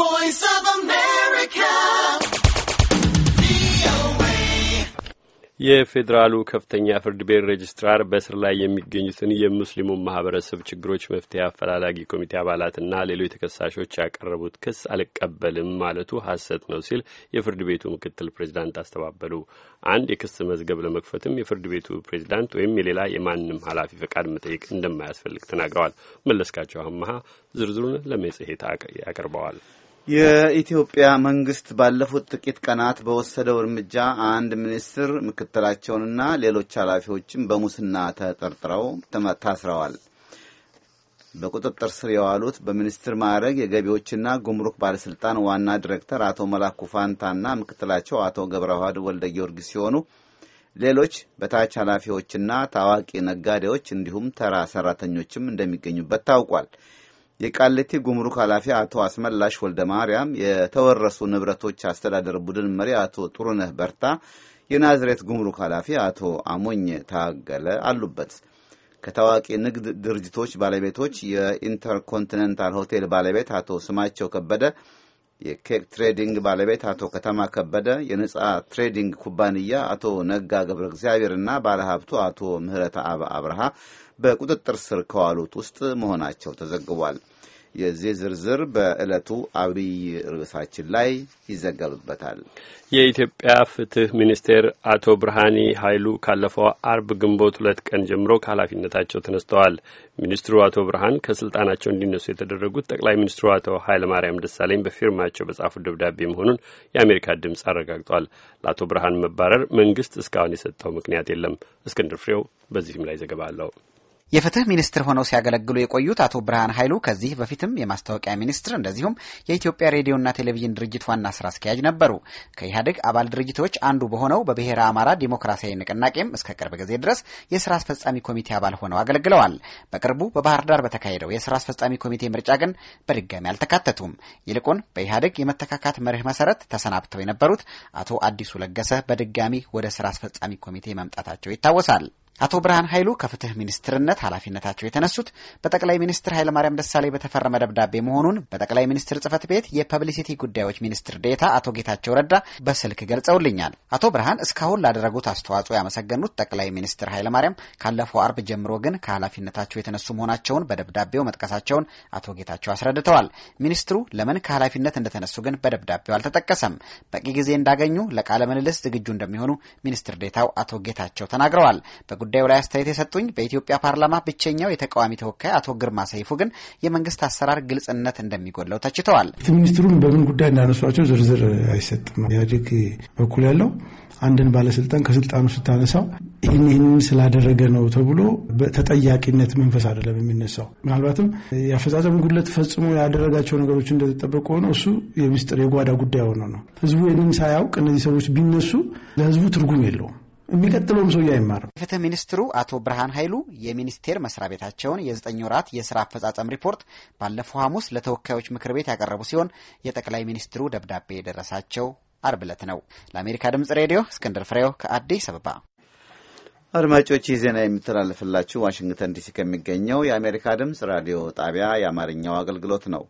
voice of America. የፌዴራሉ ከፍተኛ ፍርድ ቤት ሬጅስትራር በእስር ላይ የሚገኙትን የሙስሊሙን ማህበረሰብ ችግሮች መፍትሄ አፈላላጊ ኮሚቴ አባላትና ሌሎች ተከሳሾች ያቀረቡት ክስ አልቀበልም ማለቱ ሐሰት ነው ሲል የፍርድ ቤቱ ምክትል ፕሬዚዳንት አስተባበሉ። አንድ የክስ መዝገብ ለመክፈትም የፍርድ ቤቱ ፕሬዚዳንት ወይም የሌላ የማንም ኃላፊ ፈቃድ መጠየቅ እንደማያስፈልግ ተናግረዋል። መለስካቸው አመሀ ዝርዝሩን ለመጽሔት ያቀርበዋል። የኢትዮጵያ መንግስት ባለፉት ጥቂት ቀናት በወሰደው እርምጃ አንድ ሚኒስትር ምክትላቸውንና ሌሎች ኃላፊዎችም በሙስና ተጠርጥረው ታስረዋል። በቁጥጥር ስር የዋሉት በሚኒስትር ማዕረግ የገቢዎችና ጉምሩክ ባለስልጣን ዋና ዲሬክተር አቶ መላኩ ፋንታና ምክትላቸው አቶ ገብረዋህድ ወልደ ጊዮርጊስ ሲሆኑ ሌሎች በታች ኃላፊዎችና ታዋቂ ነጋዴዎች እንዲሁም ተራ ሰራተኞችም እንደሚገኙበት ታውቋል። የቃሊቲ ጉምሩክ ኃላፊ አቶ አስመላሽ ወልደ ማርያም፣ የተወረሱ ንብረቶች አስተዳደር ቡድን መሪ አቶ ጥሩነህ በርታ፣ የናዝሬት ጉምሩክ ኃላፊ አቶ አሞኝ ታገለ አሉበት። ከታዋቂ ንግድ ድርጅቶች ባለቤቶች የኢንተርኮንቲኔንታል ሆቴል ባለቤት አቶ ስማቸው ከበደ የኬክ ትሬዲንግ ባለቤት አቶ ከተማ ከበደ፣ የነጻ ትሬዲንግ ኩባንያ አቶ ነጋ ገብረ እግዚአብሔር እና ባለሀብቱ አቶ ምህረት አብ አብርሃ በቁጥጥር ስር ከዋሉት ውስጥ መሆናቸው ተዘግቧል። የዚህ ዝርዝር በዕለቱ አብይ ርዕሳችን ላይ ይዘገብበታል። የኢትዮጵያ ፍትህ ሚኒስቴር አቶ ብርሃኔ ኃይሉ ካለፈው አርብ ግንቦት ሁለት ቀን ጀምሮ ከኃላፊነታቸው ተነስተዋል። ሚኒስትሩ አቶ ብርሃን ከስልጣናቸው እንዲነሱ የተደረጉት ጠቅላይ ሚኒስትሩ አቶ ኃይለማርያም ደሳለኝ በፊርማቸው በጻፉት ደብዳቤ መሆኑን የአሜሪካ ድምፅ አረጋግጧል። ለአቶ ብርሃን መባረር መንግስት እስካሁን የሰጠው ምክንያት የለም። እስክንድር ፍሬው በዚህም ላይ ዘገባ አለው። የፍትህ ሚኒስትር ሆነው ሲያገለግሉ የቆዩት አቶ ብርሃን ኃይሉ ከዚህ በፊትም የማስታወቂያ ሚኒስትር እንደዚሁም የኢትዮጵያ ሬዲዮና ቴሌቪዥን ድርጅት ዋና ስራ አስኪያጅ ነበሩ። ከኢህአዴግ አባል ድርጅቶች አንዱ በሆነው በብሔረ አማራ ዲሞክራሲያዊ ንቅናቄም እስከ ቅርብ ጊዜ ድረስ የስራ አስፈጻሚ ኮሚቴ አባል ሆነው አገልግለዋል። በቅርቡ በባህር ዳር በተካሄደው የስራ አስፈጻሚ ኮሚቴ ምርጫ ግን በድጋሚ አልተካተቱም። ይልቁን በኢህአዴግ የመተካካት መርህ መሰረት ተሰናብተው የነበሩት አቶ አዲሱ ለገሰ በድጋሚ ወደ ስራ አስፈጻሚ ኮሚቴ መምጣታቸው ይታወሳል። አቶ ብርሃን ኃይሉ ከፍትህ ሚኒስትርነት ኃላፊነታቸው የተነሱት በጠቅላይ ሚኒስትር ኃይለማርያም ደሳሌ በተፈረመ ደብዳቤ መሆኑን በጠቅላይ ሚኒስትር ጽህፈት ቤት የፐብሊሲቲ ጉዳዮች ሚኒስትር ዴታ አቶ ጌታቸው ረዳ በስልክ ገልጸውልኛል። አቶ ብርሃን እስካሁን ላደረጉት አስተዋጽኦ ያመሰገኑት ጠቅላይ ሚኒስትር ኃይለማርያም ካለፈው አርብ ጀምሮ ግን ከኃላፊነታቸው የተነሱ መሆናቸውን በደብዳቤው መጥቀሳቸውን አቶ ጌታቸው አስረድተዋል። ሚኒስትሩ ለምን ከኃላፊነት እንደተነሱ ግን በደብዳቤው አልተጠቀሰም። በቂ ጊዜ እንዳገኙ ለቃለ ምልልስ ዝግጁ እንደሚሆኑ ሚኒስትር ዴታው አቶ ጌታቸው ተናግረዋል። በጉዳዩ ላይ አስተያየት የሰጡኝ በኢትዮጵያ ፓርላማ ብቸኛው የተቃዋሚ ተወካይ አቶ ግርማ ሰይፉ ግን የመንግስት አሰራር ግልጽነት እንደሚጎድለው ተችተዋል። ሚኒስትሩን በምን ጉዳይ እንዳነሷቸው ዝርዝር አይሰጥም። ኢህአዴግ በኩል ያለው አንድን ባለስልጣን ከስልጣኑ ስታነሳው ይህን ይህንን ስላደረገ ነው ተብሎ በተጠያቂነት መንፈስ አይደለም የሚነሳው። ምናልባትም የአፈጻጸም ጉድለት ፈጽሞ ያደረጋቸው ነገሮች እንደተጠበቁ ሆነ እሱ የሚስጥር የጓዳ ጉዳይ ሆነ ነው። ህዝቡ ይህንን ሳያውቅ እነዚህ ሰዎች ቢነሱ ለህዝቡ ትርጉም የለውም። የሚቀጥለውም ሰውዬ አይማርም። የፍትህ ሚኒስትሩ አቶ ብርሃን ኃይሉ የሚኒስቴር መስሪያ ቤታቸውን የዘጠኝ ወራት የስራ አፈጻጸም ሪፖርት ባለፈው ሐሙስ ለተወካዮች ምክር ቤት ያቀረቡ ሲሆን የጠቅላይ ሚኒስትሩ ደብዳቤ የደረሳቸው አርብ ዕለት ነው። ለአሜሪካ ድምጽ ሬዲዮ እስክንድር ፍሬው ከአዲስ አበባ። አድማጮች ይህ ዜና የሚተላለፍላችሁ ዋሽንግተን ዲሲ ከሚገኘው የአሜሪካ ድምፅ ራዲዮ ጣቢያ የአማርኛው አገልግሎት ነው።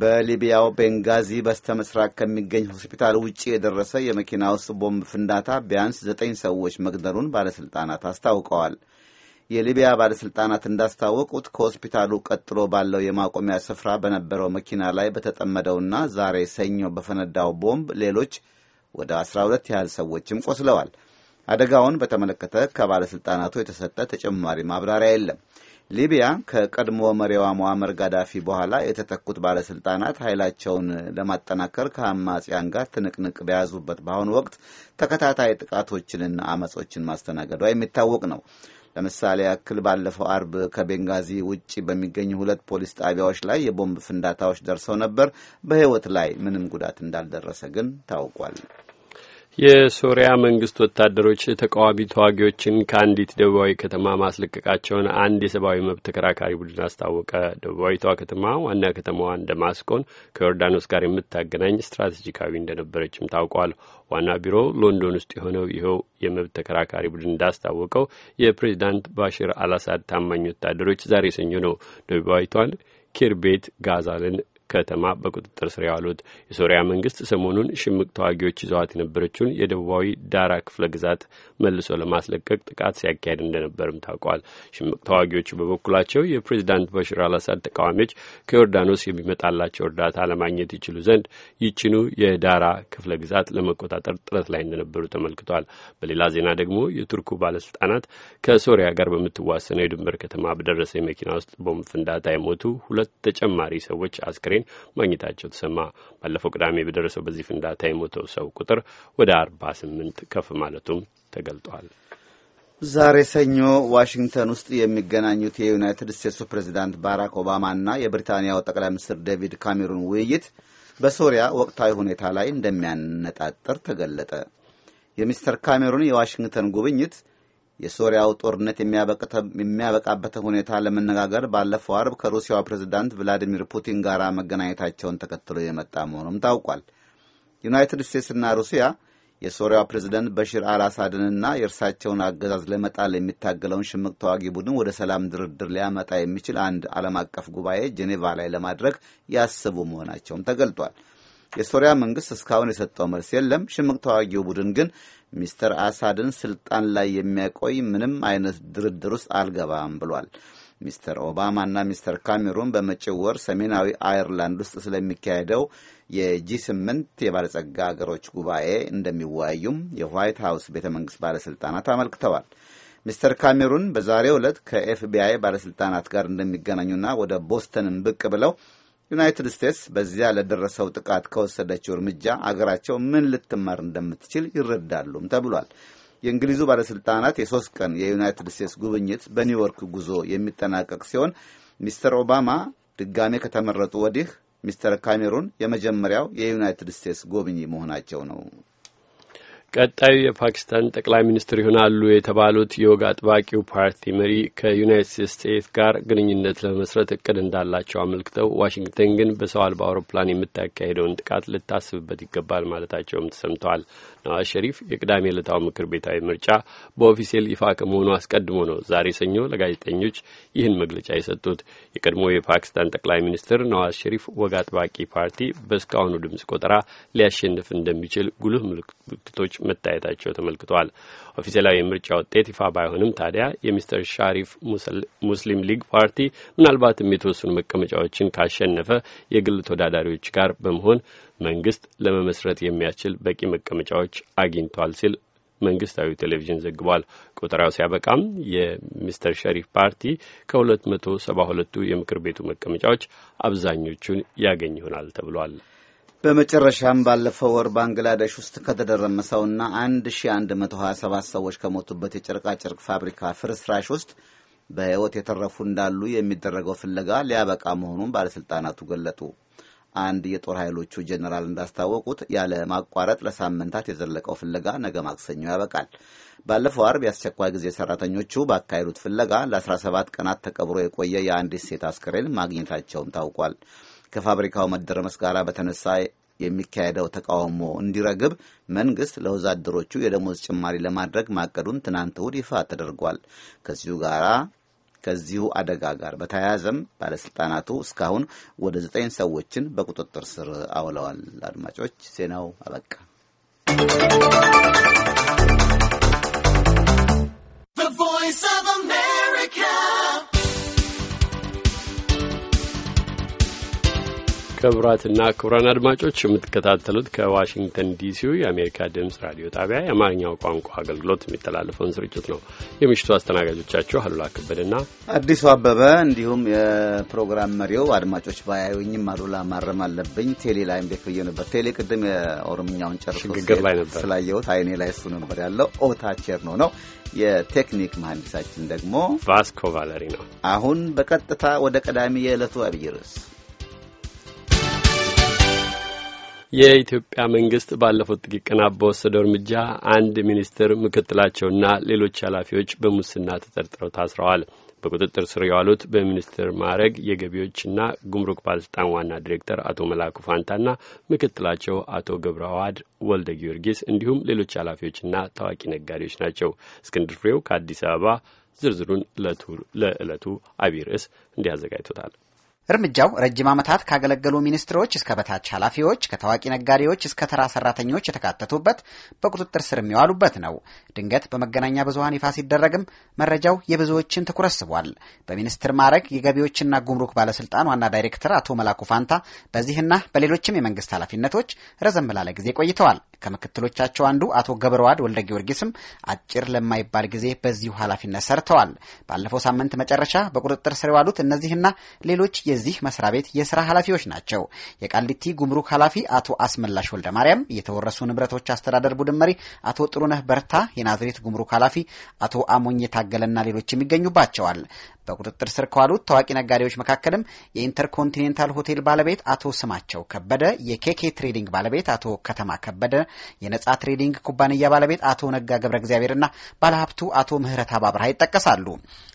በሊቢያው ቤንጋዚ በስተ ምስራቅ ከሚገኝ ሆስፒታል ውጭ የደረሰ የመኪና ውስጥ ቦምብ ፍንዳታ ቢያንስ ዘጠኝ ሰዎች መግደሉን ባለሥልጣናት አስታውቀዋል። የሊቢያ ባለሥልጣናት እንዳስታወቁት ከሆስፒታሉ ቀጥሎ ባለው የማቆሚያ ስፍራ በነበረው መኪና ላይ በተጠመደውና ዛሬ ሰኞ በፈነዳው ቦምብ ሌሎች ወደ 12 ያህል ሰዎችም ቆስለዋል። አደጋውን በተመለከተ ከባለሥልጣናቱ የተሰጠ ተጨማሪ ማብራሪያ የለም። ሊቢያ ከቀድሞ መሪዋ ሞአመር ጋዳፊ በኋላ የተተኩት ባለስልጣናት ኃይላቸውን ለማጠናከር ከአማጽያን ጋር ትንቅንቅ በያዙበት በአሁኑ ወቅት ተከታታይ ጥቃቶችንና አመጾችን ማስተናገዷ የሚታወቅ ነው። ለምሳሌ ያክል ባለፈው አርብ ከቤንጋዚ ውጭ በሚገኙ ሁለት ፖሊስ ጣቢያዎች ላይ የቦምብ ፍንዳታዎች ደርሰው ነበር። በሕይወት ላይ ምንም ጉዳት እንዳልደረሰ ግን ታውቋል። የሶሪያ መንግስት ወታደሮች ተቃዋሚ ተዋጊዎችን ከአንዲት ደቡባዊ ከተማ ማስለቀቃቸውን አንድ የሰብአዊ መብት ተከራካሪ ቡድን አስታወቀ። ደቡባዊቷ ከተማ ዋና ከተማዋን ደማስቆን ከዮርዳኖስ ጋር የምታገናኝ ስትራቴጂካዊ እንደነበረችም ታውቋል። ዋና ቢሮ ሎንዶን ውስጥ የሆነው ይኸው የመብት ተከራካሪ ቡድን እንዳስታወቀው የፕሬዚዳንት ባሽር አልአሳድ ታማኝ ወታደሮች ዛሬ ሰኞ ነው ደቡባዊቷን ኪርቤት ጋዛልን ከተማ በቁጥጥር ስር ያዋሉት። የሶሪያ መንግስት ሰሞኑን ሽምቅ ተዋጊዎች ይዘዋት የነበረችውን የደቡባዊ ዳራ ክፍለ ግዛት መልሶ ለማስለቀቅ ጥቃት ሲያካሄድ እንደነበርም ታውቋል። ሽምቅ ተዋጊዎቹ በበኩላቸው የፕሬዚዳንት በሽር አልአሳድ ተቃዋሚዎች ከዮርዳኖስ የሚመጣላቸው እርዳታ ለማግኘት ይችሉ ዘንድ ይችኑ የዳራ ክፍለ ግዛት ለመቆጣጠር ጥረት ላይ እንደነበሩ ተመልክቷል። በሌላ ዜና ደግሞ የቱርኩ ባለስልጣናት ከሶሪያ ጋር በምትዋሰነው የድንበር ከተማ በደረሰ የመኪና ውስጥ ቦምብ ፍንዳታ የሞቱ ሁለት ተጨማሪ ሰዎች አስክሬን አስከሬን ማግኘታቸው ተሰማ። ባለፈው ቅዳሜ በደረሰው በዚህ ፍንዳታ የሞተው ሰው ቁጥር ወደ አርባ ስምንት ከፍ ማለቱም ተገልጧል። ዛሬ ሰኞ ዋሽንግተን ውስጥ የሚገናኙት የዩናይትድ ስቴትሱ ፕሬዚዳንት ባራክ ኦባማና የብሪታንያው ጠቅላይ ሚኒስትር ዴቪድ ካሜሩን ውይይት በሶሪያ ወቅታዊ ሁኔታ ላይ እንደሚያነጣጥር ተገለጠ። የሚስተር ካሜሩን የዋሽንግተን ጉብኝት የሶሪያው ጦርነት የሚያበቃበትን ሁኔታ ለመነጋገር ባለፈው አርብ ከሩሲያው ፕሬዝዳንት ቭላዲሚር ፑቲን ጋር መገናኘታቸውን ተከትሎ የመጣ መሆኑም ታውቋል። ዩናይትድ ስቴትስና ሩሲያ የሶሪያው ፕሬዚደንት በሽር አልአሳድንና የእርሳቸውን አገዛዝ ለመጣል የሚታገለውን ሽምቅ ተዋጊ ቡድን ወደ ሰላም ድርድር ሊያመጣ የሚችል አንድ ዓለም አቀፍ ጉባኤ ጄኔቫ ላይ ለማድረግ ያስቡ መሆናቸውም ተገልጧል። የሶሪያ መንግስት እስካሁን የሰጠው መልስ የለም። ሽምቅ ተዋጊው ቡድን ግን ሚስተር አሳድን ስልጣን ላይ የሚያቆይ ምንም አይነት ድርድር ውስጥ አልገባም ብሏል። ሚስተር ኦባማ ና ሚስተር ካሜሩን በመጪው ወር ሰሜናዊ አየርላንድ ውስጥ ስለሚካሄደው የጂ ስምንት የባለጸጋ አገሮች ጉባኤ እንደሚወያዩም የዋይት ሀውስ ቤተ መንግስት ባለስልጣናት አመልክተዋል። ሚስተር ካሜሩን በዛሬው ዕለት ከኤፍቢአይ ባለስልጣናት ጋር እንደሚገናኙና ወደ ቦስተንም ብቅ ብለው ዩናይትድ ስቴትስ በዚያ ለደረሰው ጥቃት ከወሰደችው እርምጃ አገራቸው ምን ልትማር እንደምትችል ይረዳሉም ተብሏል። የእንግሊዙ ባለሥልጣናት የሶስት ቀን የዩናይትድ ስቴትስ ጉብኝት በኒውዮርክ ጉዞ የሚጠናቀቅ ሲሆን ሚስተር ኦባማ ድጋሜ ከተመረጡ ወዲህ ሚስተር ካሜሩን የመጀመሪያው የዩናይትድ ስቴትስ ጎብኚ መሆናቸው ነው። ቀጣዩ የፓኪስታን ጠቅላይ ሚኒስትር ይሆናሉ የተባሉት የወግ አጥባቂው ፓርቲ መሪ ከዩናይትድ ስቴትስ ጋር ግንኙነት ለመስረት እቅድ እንዳላቸው አመልክተው ዋሽንግተን ግን በሰው አልባ አውሮፕላን የምታካሄደውን ጥቃት ልታስብበት ይገባል ማለታቸውም ተሰምተዋል። ነዋዝ ሸሪፍ የቅዳሜ ዕለታው ምክር ቤታዊ ምርጫ በኦፊሴል ይፋ ከመሆኑ አስቀድሞ ነው ዛሬ ሰኞ ለጋዜጠኞች ይህን መግለጫ የሰጡት። የቀድሞ የፓኪስታን ጠቅላይ ሚኒስትር ነዋዝ ሸሪፍ ወግ አጥባቂ ፓርቲ በእስካሁኑ ድምጽ ቆጠራ ሊያሸንፍ እንደሚችል ጉልህ ምልክቶች መታየታቸው ተመልክቷል። ኦፊሴላዊ የምርጫ ውጤት ይፋ ባይሆንም ታዲያ የሚስተር ሻሪፍ ሙስሊም ሊግ ፓርቲ ምናልባትም የተወሰኑ መቀመጫዎችን ካሸነፈ የግል ተወዳዳሪዎች ጋር በመሆን መንግስት ለመመስረት የሚያስችል በቂ መቀመጫዎች አግኝቷል ሲል መንግስታዊ ቴሌቪዥን ዘግቧል። ቆጠራው ሲያበቃም የሚስተር ሸሪፍ ፓርቲ ከሁለት መቶ ሰባ ሁለቱ የምክር ቤቱ መቀመጫዎች አብዛኞቹን ያገኝ ይሆናል ተብሏል። በመጨረሻም ባለፈው ወር ባንግላዴሽ ውስጥ ከተደረመሰውና 1127 ሰዎች ከሞቱበት የጨርቃጨርቅ ፋብሪካ ፍርስራሽ ውስጥ በሕይወት የተረፉ እንዳሉ የሚደረገው ፍለጋ ሊያበቃ መሆኑን ባለሥልጣናቱ ገለጡ። አንድ የጦር ኃይሎቹ ጀኔራል እንዳስታወቁት ያለ ማቋረጥ ለሳምንታት የዘለቀው ፍለጋ ነገ ማክሰኞ ያበቃል። ባለፈው አርብ የአስቸኳይ ጊዜ ሰራተኞቹ ባካሄዱት ፍለጋ ለ17 ቀናት ተቀብሮ የቆየ የአንዲት ሴት አስክሬን ማግኘታቸውም ታውቋል። ከፋብሪካው መደረመስ ጋር በተነሳ የሚካሄደው ተቃውሞ እንዲረግብ መንግስት ለወዛደሮቹ የደሞዝ ጭማሪ ለማድረግ ማቀዱን ትናንት እሁድ ይፋ ተደርጓል። ከዚሁ ጋራ ከዚሁ አደጋ ጋር በተያያዘም ባለስልጣናቱ እስካሁን ወደ ዘጠኝ ሰዎችን በቁጥጥር ስር አውለዋል። አድማጮች ዜናው አበቃ። ክቡራትና ክቡራን አድማጮች የምትከታተሉት ከዋሽንግተን ዲሲው የአሜሪካ ድምፅ ራዲዮ ጣቢያ የአማርኛው ቋንቋ አገልግሎት የሚተላለፈውን ስርጭት ነው። የምሽቱ አስተናጋጆቻችሁ አሉላ ከበደና አዲሱ አበበ እንዲሁም የፕሮግራም መሪው አድማጮች ባያዩኝም አሉላ ማረም አለብኝ። ቴሌ ላይ እንዴት ብዬ ነበር? ቴሌ ቅድም የኦሮምኛውን ጨርሶግግር ላይ ነበር ስላየሁት አይኔ ላይ እሱ ነበር ያለው። ኦታቸር ነው ነው የቴክኒክ መሐንዲሳችን ደግሞ ቫስኮ ቫለሪ ነው። አሁን በቀጥታ ወደ ቀዳሚ የዕለቱ አብይ ርዕስ የኢትዮጵያ መንግስት ባለፉት ጥቂት ቀናት በወሰደው እርምጃ አንድ ሚኒስትር፣ ምክትላቸውና ሌሎች ኃላፊዎች በሙስና ተጠርጥረው ታስረዋል። በቁጥጥር ስር የዋሉት በሚኒስትር ማዕረግ የገቢዎችና ጉምሩክ ባለስልጣን ዋና ዲሬክተር አቶ መላኩ ፋንታና ምክትላቸው አቶ ገብረዋድ ወልደ ጊዮርጊስ እንዲሁም ሌሎች ኃላፊዎችና ታዋቂ ነጋዴዎች ናቸው። እስክንድር ፍሬው ከአዲስ አበባ ዝርዝሩን ለዕለቱ አቢይ ርዕስ እንዲህ አዘጋጅቶታል። እርምጃው ረጅም ዓመታት ካገለገሉ ሚኒስትሮች እስከ በታች ኃላፊዎች፣ ከታዋቂ ነጋዴዎች እስከ ተራ ሰራተኞች የተካተቱበት በቁጥጥር ስር የሚዋሉበት ነው። ድንገት በመገናኛ ብዙሀን ይፋ ሲደረግም መረጃው የብዙዎችን ትኩረት ስቧል። በሚኒስትር ማዕረግ የገቢዎችና ጉምሩክ ባለስልጣን ዋና ዳይሬክተር አቶ መላኩ ፋንታ በዚህና በሌሎችም የመንግስት ኃላፊነቶች ረዘም ላለ ጊዜ ቆይተዋል። ከምክትሎቻቸው አንዱ አቶ ገብረዋድ ወልደ ጊዮርጊስም አጭር ለማይባል ጊዜ በዚሁ ኃላፊነት ሰርተዋል። ባለፈው ሳምንት መጨረሻ በቁጥጥር ስር የዋሉት እነዚህና ሌሎች የዚህ መስሪያ ቤት የስራ ኃላፊዎች ናቸው። የቃሊቲ ጉምሩክ ኃላፊ አቶ አስመላሽ ወልደ ማርያም፣ የተወረሱ ንብረቶች አስተዳደር ቡድን መሪ አቶ ጥሩነህ በርታ፣ የናዝሬት ጉምሩክ ኃላፊ አቶ አሞኝ የታገለና ሌሎች ይገኙባቸዋል። በቁጥጥር ስር ከዋሉት ታዋቂ ነጋዴዎች መካከልም የኢንተርኮንቲኔንታል ሆቴል ባለቤት አቶ ስማቸው ከበደ፣ የኬኬ ትሬዲንግ ባለቤት አቶ ከተማ ከበደ፣ የነጻ ትሬዲንግ ኩባንያ ባለቤት አቶ ነጋ ገብረ እግዚአብሔርና ባለሀብቱ አቶ ምህረት አባብርሃ ይጠቀሳሉ።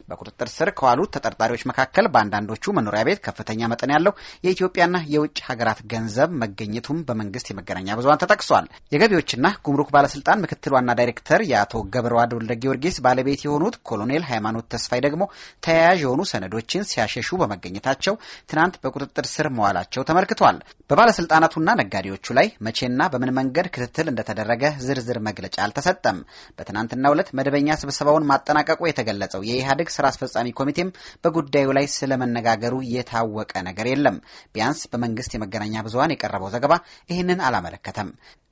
በቁጥጥር ስር ከዋሉት ተጠርጣሪዎች መካከል በአንዳንዶቹ መኖሪያ ቤት ከፍተኛ መጠን ያለው የኢትዮጵያና የውጭ ሀገራት ገንዘብ መገኘቱም በመንግስት የመገናኛ ብዙሀን ተጠቅሷል። የገቢዎችና ጉምሩክ ባለስልጣን ምክትል ዋና ዳይሬክተር የአቶ ገብረዋድ ወልደ ጊዮርጊስ ባለቤት የሆኑት ኮሎኔል ሃይማኖት ተስፋይ ደግሞ ተያያዥ የሆኑ ሰነዶችን ሲያሸሹ በመገኘታቸው ትናንት በቁጥጥር ስር መዋላቸው ተመልክቷል። በባለስልጣናቱና ነጋዴዎቹ ላይ መቼና በምን መንገድ ክትትል እንደተደረገ ዝርዝር መግለጫ አልተሰጠም። በትናንትናው ዕለት መደበኛ ስብሰባውን ማጠናቀቁ የተገለጸው የኢህአዴግ ስራ አስፈጻሚ ኮሚቴም በጉዳዩ ላይ ስለመነጋገሩ የታወቀ ነገር የለም። ቢያንስ በመንግስት የመገናኛ ብዙሀን የቀረበው ዘገባ ይህንን አላመለከተም።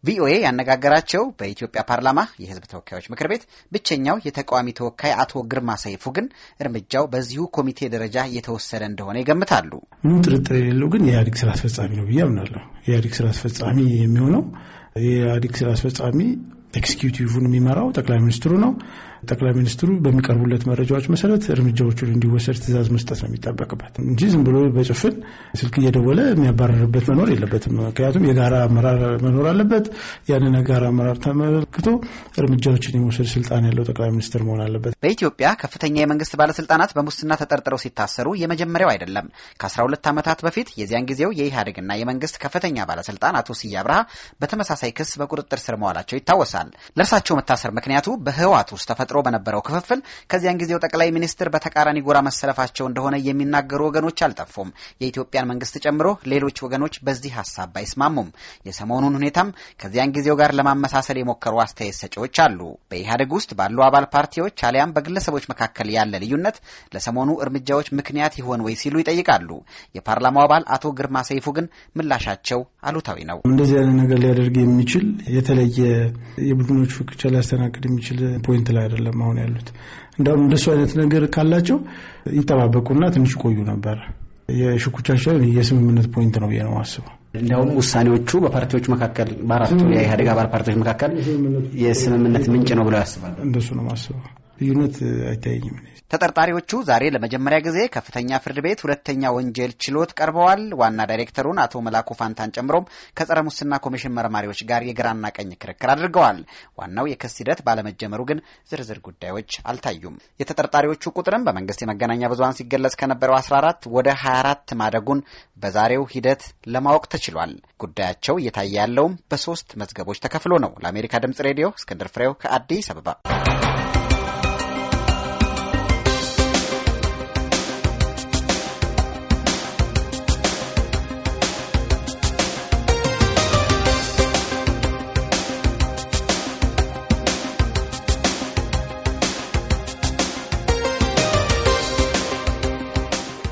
ቪኦኤ ያነጋገራቸው በኢትዮጵያ ፓርላማ የሕዝብ ተወካዮች ምክር ቤት ብቸኛው የተቃዋሚ ተወካይ አቶ ግርማ ሰይፉ ግን እርምጃው በዚሁ ኮሚቴ ደረጃ እየተወሰደ እንደሆነ ይገምታሉ። ምንም ጥርጥር የሌለው ግን የኢህአዴግ ስራ አስፈጻሚ ነው ብዬ አምናለሁ። የኢህአዴግ ስራ አስፈጻሚ የሚሆነው የኢህአዴግ ስራ አስፈጻሚ ኤክስኪዩቲቭን የሚመራው ጠቅላይ ሚኒስትሩ ነው። ጠቅላይ ሚኒስትሩ በሚቀርቡለት መረጃዎች መሰረት እርምጃዎቹን እንዲወሰድ ትእዛዝ መስጠት ነው የሚጠበቅበት እንጂ ዝም ብሎ በጭፍን ስልክ እየደወለ የሚያባረርበት መኖር የለበትም። ምክንያቱም የጋራ አመራር መኖር አለበት። ያንን የጋራ አመራር ተመልክቶ እርምጃዎችን የመውሰድ ስልጣን ያለው ጠቅላይ ሚኒስትር መሆን አለበት። በኢትዮጵያ ከፍተኛ የመንግስት ባለስልጣናት በሙስና ተጠርጥረው ሲታሰሩ የመጀመሪያው አይደለም። ከ12 ዓመታት በፊት የዚያን ጊዜው የኢህአዴግና የመንግስት ከፍተኛ ባለስልጣን አቶ ስዬ አብርሃ በተመሳሳይ ክስ በቁጥጥር ስር መዋላቸው ይታወሳል። ለእርሳቸው መታሰር ምክንያቱ በህወሓት ውስጥ ተፈ ተፈጥሮ በነበረው ክፍፍል ከዚያን ጊዜው ጠቅላይ ሚኒስትር በተቃራኒ ጎራ መሰለፋቸው እንደሆነ የሚናገሩ ወገኖች አልጠፉም። የኢትዮጵያን መንግስት ጨምሮ ሌሎች ወገኖች በዚህ ሀሳብ አይስማሙም። የሰሞኑን ሁኔታም ከዚያን ጊዜው ጋር ለማመሳሰል የሞከሩ አስተያየት ሰጪዎች አሉ። በኢህአዴግ ውስጥ ባሉ አባል ፓርቲዎች አሊያም በግለሰቦች መካከል ያለ ልዩነት ለሰሞኑ እርምጃዎች ምክንያት ይሆን ወይ ሲሉ ይጠይቃሉ። የፓርላማው አባል አቶ ግርማ ሰይፉ ግን ምላሻቸው አሉታዊ ነው። እንደዚህ አይነት ነገር ሊያደርግ የሚችል የተለየ የቡድኖች ፍክቻ ሊያስተናግድ የሚችል ፖይንት ላይ አይደለም አይደለም አሁን ያሉት። እንደውም እንደሱ አይነት ነገር ካላቸው ይጠባበቁና ትንሽ ቆዩ ነበር። የሽኩቻቸውን የስምምነት ፖይንት ነው ብዬ ነው አስበው። እንዲያውም ውሳኔዎቹ በፓርቲዎች መካከል በአራቱ የኢህአዴግ አባል ፓርቲዎች መካከል የስምምነት ምንጭ ነው ብለው ያስባል። እንደሱ ነው ማስበው። ልዩነት አይታየኝም። ተጠርጣሪዎቹ ዛሬ ለመጀመሪያ ጊዜ ከፍተኛ ፍርድ ቤት ሁለተኛ ወንጀል ችሎት ቀርበዋል። ዋና ዳይሬክተሩን አቶ መላኩ ፋንታን ጨምሮም ከጸረ ሙስና ኮሚሽን መርማሪዎች ጋር የግራና ቀኝ ክርክር አድርገዋል። ዋናው የክስ ሂደት ባለመጀመሩ ግን ዝርዝር ጉዳዮች አልታዩም። የተጠርጣሪዎቹ ቁጥርም በመንግስት የመገናኛ ብዙሀን ሲገለጽ ከነበረው 14 ወደ 24 ማደጉን በዛሬው ሂደት ለማወቅ ተችሏል። ጉዳያቸው እየታየ ያለውም በሶስት መዝገቦች ተከፍሎ ነው። ለአሜሪካ ድምጽ ሬዲዮ እስክንድር ፍሬው ከአዲስ አበባ